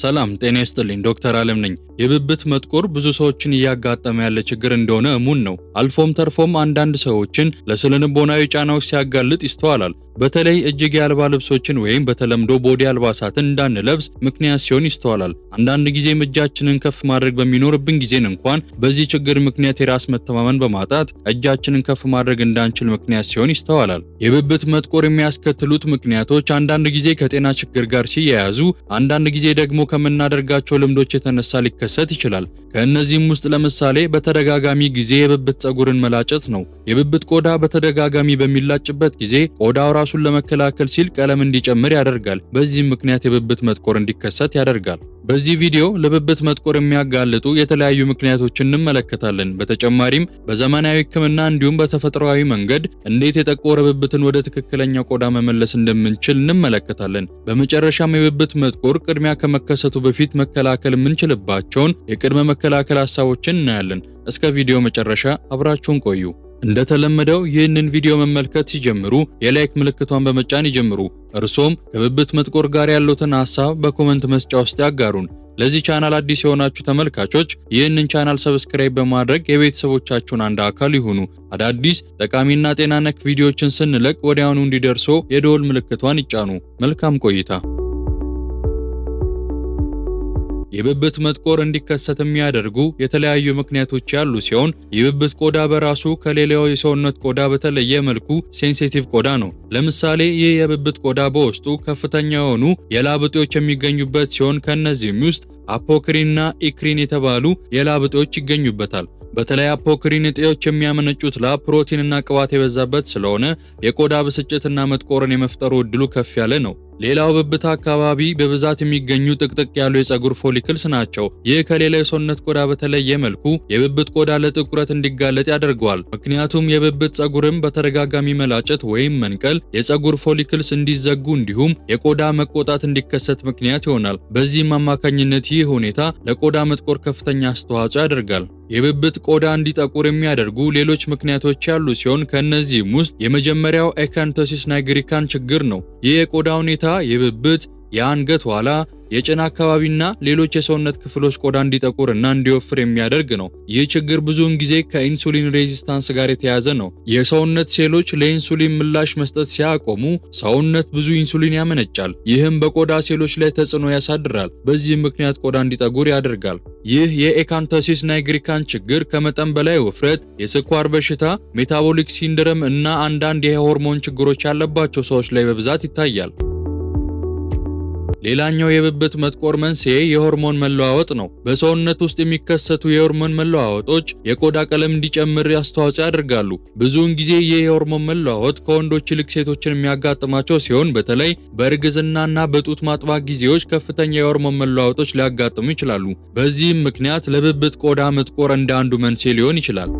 ሰላም ጤና ይስጥልኝ። ዶክተር አለም ነኝ። የብብት መጥቆር ብዙ ሰዎችን እያጋጠመ ያለ ችግር እንደሆነ እሙን ነው። አልፎም ተርፎም አንዳንድ ሰዎችን ለስነ ጫናዎች ሲያጋልጥ ይስተዋላል። በተለይ እጅጌ አልባ ልብሶችን ወይም በተለምዶ ቦዲ አልባሳትን እንዳንለብስ ምክንያት ሲሆን ይስተዋላል። አንዳንድ ጊዜም እጃችንን ከፍ ማድረግ በሚኖርብን ጊዜን እንኳን በዚህ ችግር ምክንያት የራስ መተማመን በማጣት እጃችንን ከፍ ማድረግ እንዳንችል ምክንያት ሲሆን ይስተዋላል። የብብት መጥቆር የሚያስከትሉት ምክንያቶች አንዳንድ ጊዜ ከጤና ችግር ጋር ሲያያዙ፣ አንዳንድ ጊዜ ደግሞ ከምናደርጋቸው ልምዶች የተነሳ ሊከሰት ይችላል። ከእነዚህም ውስጥ ለምሳሌ በተደጋጋሚ ጊዜ የብብት ጸጉርን መላጨት ነው። የብብት ቆዳ በተደጋጋሚ በሚላጭበት ጊዜ ቆዳው ራሱን ለመከላከል ሲል ቀለም እንዲጨምር ያደርጋል። በዚህም ምክንያት የብብት መጥቆር እንዲከሰት ያደርጋል። በዚህ ቪዲዮ ለብብት መጥቆር የሚያጋልጡ የተለያዩ ምክንያቶችን እንመለከታለን። በተጨማሪም በዘመናዊ ሕክምና እንዲሁም በተፈጥሯዊ መንገድ እንዴት የጠቆረ ብብትን ወደ ትክክለኛ ቆዳ መመለስ እንደምንችል እንመለከታለን። በመጨረሻም የብብት መጥቆር ቅድሚያ ከመከሰቱ በፊት መከላከል የምንችልባቸውን የቅድመ መከላከል ሀሳቦችን እናያለን። እስከ ቪዲዮ መጨረሻ አብራችሁን ቆዩ። እንደተለመደው ይህንን ቪዲዮ መመልከት ሲጀምሩ የላይክ ምልክቷን በመጫን ይጀምሩ። እርሶም ከብብት መጥቆር ጋር ያሉትን ሀሳብ በኮመንት መስጫ ውስጥ ያጋሩን። ለዚህ ቻናል አዲስ የሆናችሁ ተመልካቾች ይህንን ቻናል ሰብስክራይብ በማድረግ የቤተሰቦቻችሁን አንድ አካል ይሁኑ። አዳዲስ ጠቃሚና ጤና ነክ ቪዲዮዎችን ስንለቅ ወዲያውኑ እንዲደርሶ የደወል ምልክቷን ይጫኑ። መልካም ቆይታ የብብት መጥቆር እንዲከሰት የሚያደርጉ የተለያዩ ምክንያቶች ያሉ ሲሆን የብብት ቆዳ በራሱ ከሌላው የሰውነት ቆዳ በተለየ መልኩ ሴንሲቲቭ ቆዳ ነው። ለምሳሌ ይህ የብብት ቆዳ በውስጡ ከፍተኛ የሆኑ የላብ እጢዎች የሚገኙበት ሲሆን ከእነዚህም ውስጥ አፖክሪንና ኢክሪን የተባሉ የላብ እጢዎች ይገኙበታል። በተለይ አፖክሪን እጢዎች የሚያመነጩት ላብ ፕሮቲንና ቅባት የበዛበት ስለሆነ የቆዳ ብስጭትና መጥቆርን የመፍጠሩ እድሉ ከፍ ያለ ነው። ሌላው ብብት አካባቢ በብዛት የሚገኙ ጥቅጥቅ ያሉ የፀጉር ፎሊክልስ ናቸው። ይህ ከሌላ የሰውነት ቆዳ በተለየ መልኩ የብብት ቆዳ ለጥቁረት እንዲጋለጥ ያደርገዋል። ምክንያቱም የብብት ፀጉርም በተደጋጋሚ መላጨት ወይም መንቀል የፀጉር ፎሊክልስ እንዲዘጉ እንዲሁም የቆዳ መቆጣት እንዲከሰት ምክንያት ይሆናል። በዚህም አማካኝነት ይህ ሁኔታ ለቆዳ መጥቆር ከፍተኛ አስተዋጽኦ ያደርጋል። የብብት ቆዳ እንዲጠቁር የሚያደርጉ ሌሎች ምክንያቶች ያሉ ሲሆን ከእነዚህም ውስጥ የመጀመሪያው ኤካንቶሲስ ናይግሪካን ችግር ነው። ይህ የቆዳ ሁኔታ የብብት፣ የአንገት ኋላ፣ የጭን አካባቢና ሌሎች የሰውነት ክፍሎች ቆዳ እንዲጠቁር እና እንዲወፍር የሚያደርግ ነው። ይህ ችግር ብዙውን ጊዜ ከኢንሱሊን ሬዚስታንስ ጋር የተያያዘ ነው። የሰውነት ሴሎች ለኢንሱሊን ምላሽ መስጠት ሲያቆሙ ሰውነት ብዙ ኢንሱሊን ያመነጫል። ይህም በቆዳ ሴሎች ላይ ተጽዕኖ ያሳድራል። በዚህም ምክንያት ቆዳ እንዲጠጉር ያደርጋል። ይህ የኤካንተሲስ ናይግሪካን ችግር ከመጠን በላይ ውፍረት፣ የስኳር በሽታ፣ ሜታቦሊክ ሲንድረም እና አንዳንድ የሆርሞን ችግሮች ያለባቸው ሰዎች ላይ በብዛት ይታያል። ሌላኛው የብብት መጥቆር መንስኤ የሆርሞን መለዋወጥ ነው። በሰውነት ውስጥ የሚከሰቱ የሆርሞን መለዋወጦች የቆዳ ቀለም እንዲጨምር አስተዋጽኦ ያደርጋሉ። ብዙውን ጊዜ ይህ የሆርሞን መለዋወጥ ከወንዶች ይልቅ ሴቶችን የሚያጋጥማቸው ሲሆን በተለይ በእርግዝናና በጡት ማጥባት ጊዜዎች ከፍተኛ የሆርሞን መለዋወጦች ሊያጋጥሙ ይችላሉ። በዚህም ምክንያት ለብብት ቆዳ መጥቆር እንደ አንዱ መንስኤ ሊሆን ይችላል።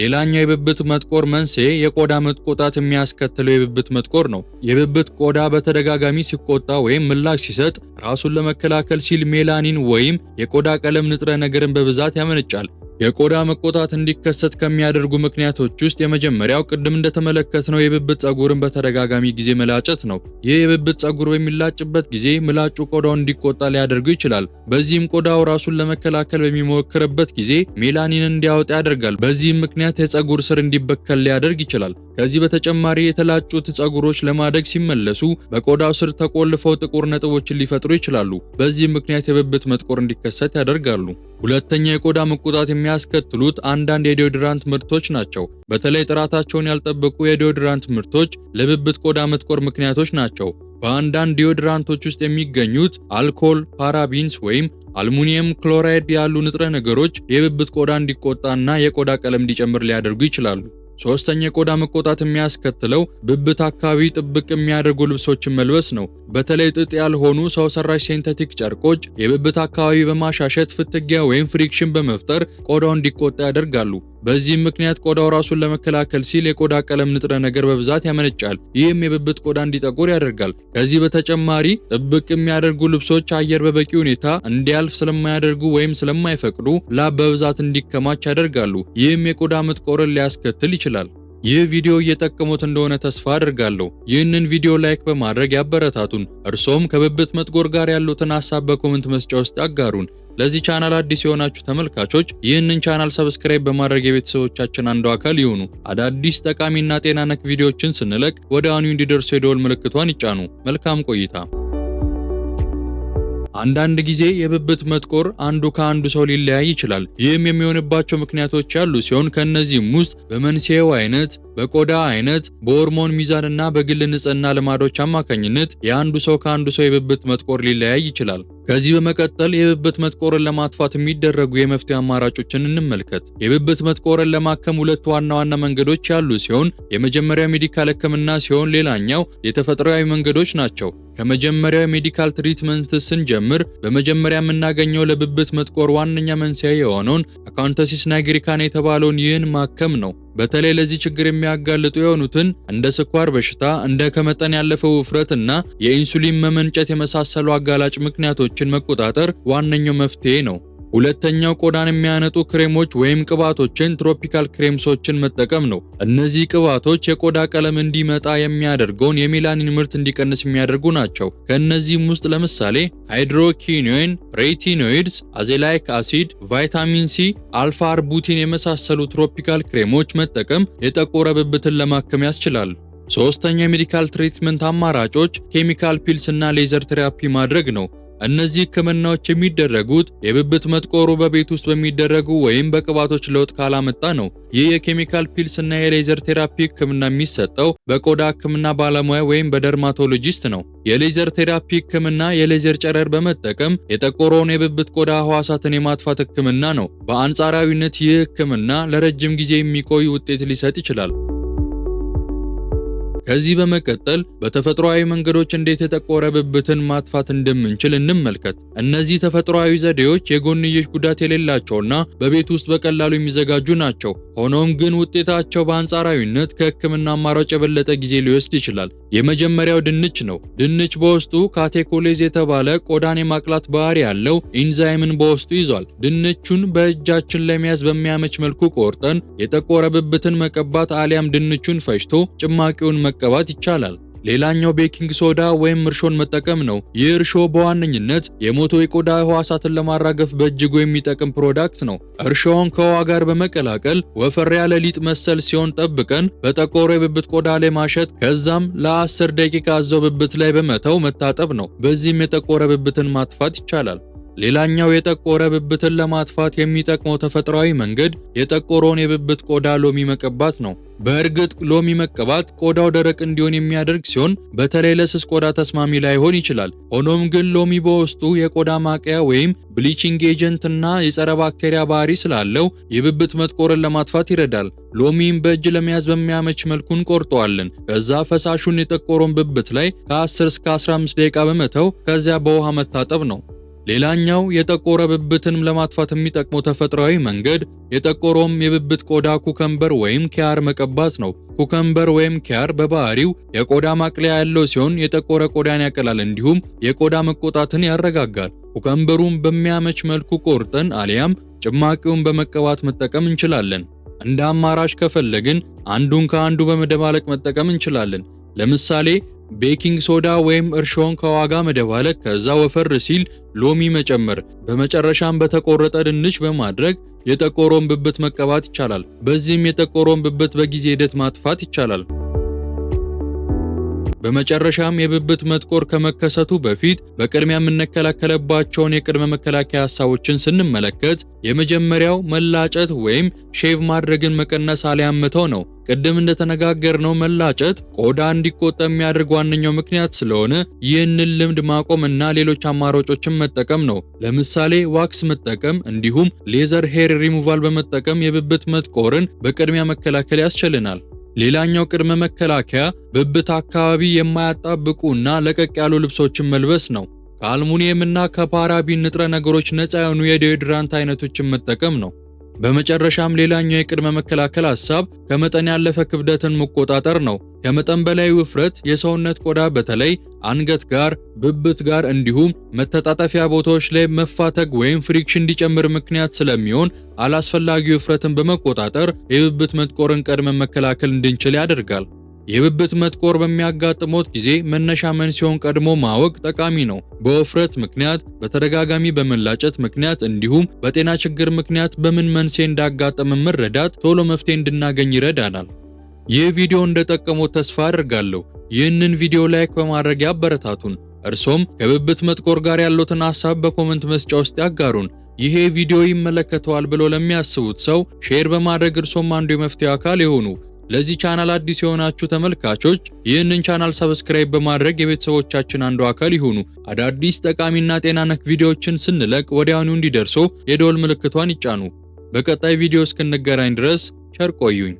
ሌላኛው የብብት መጥቆር መንስኤ የቆዳ መቆጣት የሚያስከትለው የብብት መጥቆር ነው። የብብት ቆዳ በተደጋጋሚ ሲቆጣ ወይም ምላሽ ሲሰጥ ራሱን ለመከላከል ሲል ሜላኒን ወይም የቆዳ ቀለም ንጥረ ነገርን በብዛት ያመነጫል። የቆዳ መቆጣት እንዲከሰት ከሚያደርጉ ምክንያቶች ውስጥ የመጀመሪያው ቅድም እንደተመለከትነው የብብት ጸጉርን በተደጋጋሚ ጊዜ መላጨት ነው። ይህ የብብት ጸጉር በሚላጭበት ጊዜ ምላጩ ቆዳውን እንዲቆጣ ሊያደርገው ይችላል። በዚህም ቆዳው ራሱን ለመከላከል በሚሞክርበት ጊዜ ሜላኒን እንዲያወጣ ያደርጋል። በዚህም ምክንያት የጸጉር ስር እንዲበከል ሊያደርግ ይችላል። ከዚህ በተጨማሪ የተላጩት ጸጉሮች ለማደግ ሲመለሱ በቆዳው ስር ተቆልፈው ጥቁር ነጥቦችን ሊፈጥሩ ይችላሉ። በዚህም ምክንያት የብብት መጥቆር እንዲከሰት ያደርጋሉ። ሁለተኛ የቆዳ መቆጣት የሚያስከትሉት አንዳንድ የዲዮድራንት ምርቶች ናቸው። በተለይ ጥራታቸውን ያልጠበቁ የዲዮድራንት ምርቶች ለብብት ቆዳ መጥቆር ምክንያቶች ናቸው። በአንዳንድ ዲዮድራንቶች ውስጥ የሚገኙት አልኮል፣ ፓራቢንስ ወይም አልሙኒየም ክሎራይድ ያሉ ንጥረ ነገሮች የብብት ቆዳ እንዲቆጣና የቆዳ ቀለም እንዲጨምር ሊያደርጉ ይችላሉ። ሶስተኛ የቆዳ መቆጣት የሚያስከትለው ብብት አካባቢ ጥብቅ የሚያደርጉ ልብሶችን መልበስ ነው። በተለይ ጥጥ ያልሆኑ ሰው ሰራሽ ሴንተቲክ ጨርቆች የብብት አካባቢ በማሻሸት ፍትጊያ ወይም ፍሪክሽን በመፍጠር ቆዳው እንዲቆጣ ያደርጋሉ። በዚህም ምክንያት ቆዳው ራሱን ለመከላከል ሲል የቆዳ ቀለም ንጥረ ነገር በብዛት ያመነጫል። ይህም የብብት ቆዳ እንዲጠቁር ያደርጋል። ከዚህ በተጨማሪ ጥብቅ የሚያደርጉ ልብሶች አየር በበቂ ሁኔታ እንዲያልፍ ስለማያደርጉ ወይም ስለማይፈቅዱ ላብ በብዛት እንዲከማች ያደርጋሉ። ይህም የቆዳ መጥቆርን ሊያስከትል ይችላል። ይህ ቪዲዮ እየጠቀሙት እንደሆነ ተስፋ አድርጋለሁ። ይህንን ቪዲዮ ላይክ በማድረግ ያበረታቱን። እርሶም ከብብት መጥቆር ጋር ያሉትን ሀሳብ በኮመንት መስጫ ውስጥ ያጋሩን። ለዚህ ቻናል አዲስ የሆናችሁ ተመልካቾች ይህንን ቻናል ሰብስክራይብ በማድረግ የቤተሰቦቻችን አንዱ አካል ይሁኑ። አዳዲስ ጠቃሚና ጤና ነክ ቪዲዮዎችን ስንለቅ አኑ እንዲደርሱ የደወል ምልክቷን ይጫኑ። መልካም ቆይታ። አንዳንድ ጊዜ የብብት መጥቆር አንዱ ከአንዱ ሰው ሊለያይ ይችላል። ይህም የሚሆንባቸው ምክንያቶች ያሉ ሲሆን ከእነዚህም ውስጥ በመንስኤው አይነት በቆዳ አይነት፣ በሆርሞን ሚዛንና በግል ንጽህና ልማዶች አማካኝነት የአንዱ ሰው ከአንዱ ሰው የብብት መጥቆር ሊለያይ ይችላል። ከዚህ በመቀጠል የብብት መጥቆርን ለማጥፋት የሚደረጉ የመፍትሄ አማራጮችን እንመልከት። የብብት መጥቆርን ለማከም ሁለት ዋና ዋና መንገዶች ያሉ ሲሆን የመጀመሪያ ሜዲካል ሕክምና ሲሆን ሌላኛው የተፈጥሯዊ መንገዶች ናቸው። ከመጀመሪያው ሜዲካል ትሪትመንት ስንጀምር በመጀመሪያ የምናገኘው ለብብት መጥቆር ዋነኛ መንስኤ የሆነውን አካንተሲስ ናይግሪካን የተባለውን ይህን ማከም ነው። በተለይ ለዚህ ችግር የሚያጋልጡ የሆኑትን እንደ ስኳር በሽታ፣ እንደ ከመጠን ያለፈ ውፍረት እና የኢንሱሊን መመንጨት የመሳሰሉ አጋላጭ ምክንያቶችን መቆጣጠር ዋነኛው መፍትሄ ነው። ሁለተኛው ቆዳን የሚያነጡ ክሬሞች ወይም ቅባቶችን ትሮፒካል ክሬምሶችን መጠቀም ነው። እነዚህ ቅባቶች የቆዳ ቀለም እንዲመጣ የሚያደርገውን የሜላኒን ምርት እንዲቀንስ የሚያደርጉ ናቸው። ከእነዚህም ውስጥ ለምሳሌ ሃይድሮኪኒን፣ ሬቲኖይድስ፣ አዜላይክ አሲድ፣ ቫይታሚን ሲ፣ አልፋ አርቡቲን የመሳሰሉ ትሮፒካል ክሬሞች መጠቀም የጠቆረ ብብትን ለማከም ያስችላል። ሶስተኛ የሜዲካል ትሪትመንት አማራጮች ኬሚካል ፒልስ እና ሌዘር ቴራፒ ማድረግ ነው። እነዚህ ህክምናዎች የሚደረጉት የብብት መጥቆሩ በቤት ውስጥ በሚደረጉ ወይም በቅባቶች ለውጥ ካላመጣ ነው። ይህ የኬሚካል ፒልስ እና የሌዘር ቴራፒ ህክምና የሚሰጠው በቆዳ ህክምና ባለሙያ ወይም በደርማቶሎጂስት ነው። የሌዘር ቴራፒ ህክምና የሌዘር ጨረር በመጠቀም የጠቆረውን የብብት ቆዳ ህዋሳትን የማጥፋት ህክምና ነው። በአንጻራዊነት ይህ ህክምና ለረጅም ጊዜ የሚቆይ ውጤት ሊሰጥ ይችላል። ከዚህ በመቀጠል በተፈጥሯዊ መንገዶች እንዴት የጠቆረ ብብትን ማጥፋት እንደምንችል እንመልከት። እነዚህ ተፈጥሯዊ ዘዴዎች የጎንዮሽ ጉዳት የሌላቸውና በቤት ውስጥ በቀላሉ የሚዘጋጁ ናቸው። ሆኖም ግን ውጤታቸው በአንጻራዊነት ከሕክምና አማራጭ የበለጠ ጊዜ ሊወስድ ይችላል። የመጀመሪያው ድንች ነው። ድንች በውስጡ ካቴኮሌዝ የተባለ ቆዳን የማቅላት ባህሪ ያለው ኢንዛይምን በውስጡ ይዟል። ድንቹን በእጃችን ለመያዝ በሚያመች መልኩ ቆርጠን የጠቆረ ብብትን መቀባት አሊያም ድንቹን ፈጭቶ ጭማቂውን መ። መቀባት ይቻላል። ሌላኛው ቤኪንግ ሶዳ ወይም እርሾን መጠቀም ነው። ይህ እርሾ በዋነኝነት የሞቶ የቆዳ ህዋሳትን ለማራገፍ በእጅጉ የሚጠቅም ፕሮዳክት ነው። እርሾውን ከውሃ ጋር በመቀላቀል ወፈር ያለ ሊጥ መሰል ሲሆን ጠብቀን በጠቆረ የብብት ቆዳ ላይ ማሸት፣ ከዛም ለ10 ደቂቃ እዛው ብብት ላይ በመተው መታጠብ ነው። በዚህም የጠቆረ ብብትን ማጥፋት ይቻላል። ሌላኛው የጠቆረ ብብትን ለማጥፋት የሚጠቅመው ተፈጥሯዊ መንገድ የጠቆረውን የብብት ቆዳ ሎሚ መቀባት ነው። በእርግጥ ሎሚ መቀባት ቆዳው ደረቅ እንዲሆን የሚያደርግ ሲሆን በተለይ ለስስ ቆዳ ተስማሚ ላይሆን ይችላል። ሆኖም ግን ሎሚ በውስጡ የቆዳ ማቅያ ወይም ብሊቺንግ ኤጀንት እና የጸረ ባክቴሪያ ባህሪ ስላለው የብብት መጥቆርን ለማጥፋት ይረዳል። ሎሚም በእጅ ለመያዝ በሚያመች መልኩ እንቆርጠዋለን። ከዛ ፈሳሹን የጠቆረውን ብብት ላይ ከ10 እስከ 15 ደቂቃ በመተው ከዚያ በውሃ መታጠብ ነው። ሌላኛው የጠቆረ ብብትን ለማጥፋት የሚጠቅመው ተፈጥሯዊ መንገድ የጠቆረውም የብብት ቆዳ ኩከምበር ወይም ኪያር መቀባት ነው። ኩከምበር ወይም ኪያር በባህሪው የቆዳ ማቅለያ ያለው ሲሆን የጠቆረ ቆዳን ያቀላል፣ እንዲሁም የቆዳ መቆጣትን ያረጋጋል። ኩከምበሩን በሚያመች መልኩ ቆርጠን አሊያም ጭማቂውን በመቀባት መጠቀም እንችላለን። እንደ አማራጭ ከፈለግን አንዱን ከአንዱ በመደባለቅ መጠቀም እንችላለን። ለምሳሌ ቤኪንግ ሶዳ ወይም እርሾን ከዋጋ መደባለቅ፣ ከዛ ወፈር ሲል ሎሚ መጨመር፣ በመጨረሻም በተቆረጠ ድንች በማድረግ የጠቆሮን ብብት መቀባት ይቻላል። በዚህም የጠቆሮን ብብት በጊዜ ሂደት ማጥፋት ይቻላል። በመጨረሻም የብብት መጥቆር ከመከሰቱ በፊት በቅድሚያ የምንከላከለባቸውን የቅድመ መከላከያ ሀሳቦችን ስንመለከት የመጀመሪያው መላጨት ወይም ሼቭ ማድረግን መቀነስ አሊያም መተው ነው። ቅድም እንደተነጋገርነው መላጨት ቆዳ እንዲቆጠ የሚያደርግ ዋነኛው ምክንያት ስለሆነ ይህንን ልምድ ማቆም እና ሌሎች አማራጮችን መጠቀም ነው። ለምሳሌ ዋክስ መጠቀም እንዲሁም ሌዘር ሄር ሪሙቫል በመጠቀም የብብት መጥቆርን በቅድሚያ መከላከል ያስችልናል። ሌላኛው ቅድመ መከላከያ ብብት አካባቢ የማያጣብቁና ለቀቅ ያሉ ልብሶችን መልበስ ነው። ከአልሙኒየምና ከፓራቢን ንጥረ ነገሮች ነፃ የሆኑ የዲዮድራንት አይነቶችን መጠቀም ነው። በመጨረሻም ሌላኛው የቅድመ መከላከል ሐሳብ ከመጠን ያለፈ ክብደትን መቆጣጠር ነው። ከመጠን በላይ ውፍረት የሰውነት ቆዳ በተለይ አንገት ጋር፣ ብብት ጋር እንዲሁም መተጣጠፊያ ቦታዎች ላይ መፋተግ ወይም ፍሪክሽን እንዲጨምር ምክንያት ስለሚሆን አላስፈላጊ ውፍረትን በመቆጣጠር የብብት መጥቆርን ቀድመ መከላከል እንድንችል ያደርጋል። የብብት መጥቆር በሚያጋጥሞት ጊዜ መነሻ መንስኤውን ቀድሞ ማወቅ ጠቃሚ ነው። በውፍረት ምክንያት፣ በተደጋጋሚ በመላጨት ምክንያት እንዲሁም በጤና ችግር ምክንያት በምን መንስኤ እንዳጋጠመ መረዳት ቶሎ መፍትሄ እንድናገኝ ይረዳናል። ይህ ቪዲዮ እንደጠቀመው ተስፋ አድርጋለሁ። ይህንን ቪዲዮ ላይክ በማድረግ ያበረታቱን። እርሶም ከብብት መጥቆር ጋር ያሉትን ሀሳብ በኮመንት መስጫ ውስጥ ያጋሩን። ይሄ ቪዲዮ ይመለከተዋል ብሎ ለሚያስቡት ሰው ሼር በማድረግ እርሶም አንዱ የመፍትሄ አካል የሆኑ ለዚህ ቻናል አዲስ የሆናችሁ ተመልካቾች ይህንን ቻናል ሰብስክራይብ በማድረግ የቤተሰቦቻችን አንዱ አካል ይሁኑ። አዳዲስ ጠቃሚና ጤና ነክ ቪዲዮዎችን ስንለቅ ወዲያውኑ እንዲደርሶ የደወል ምልክቷን ይጫኑ። በቀጣይ ቪዲዮ እስክንገናኝ ድረስ ቸር ቆዩኝ።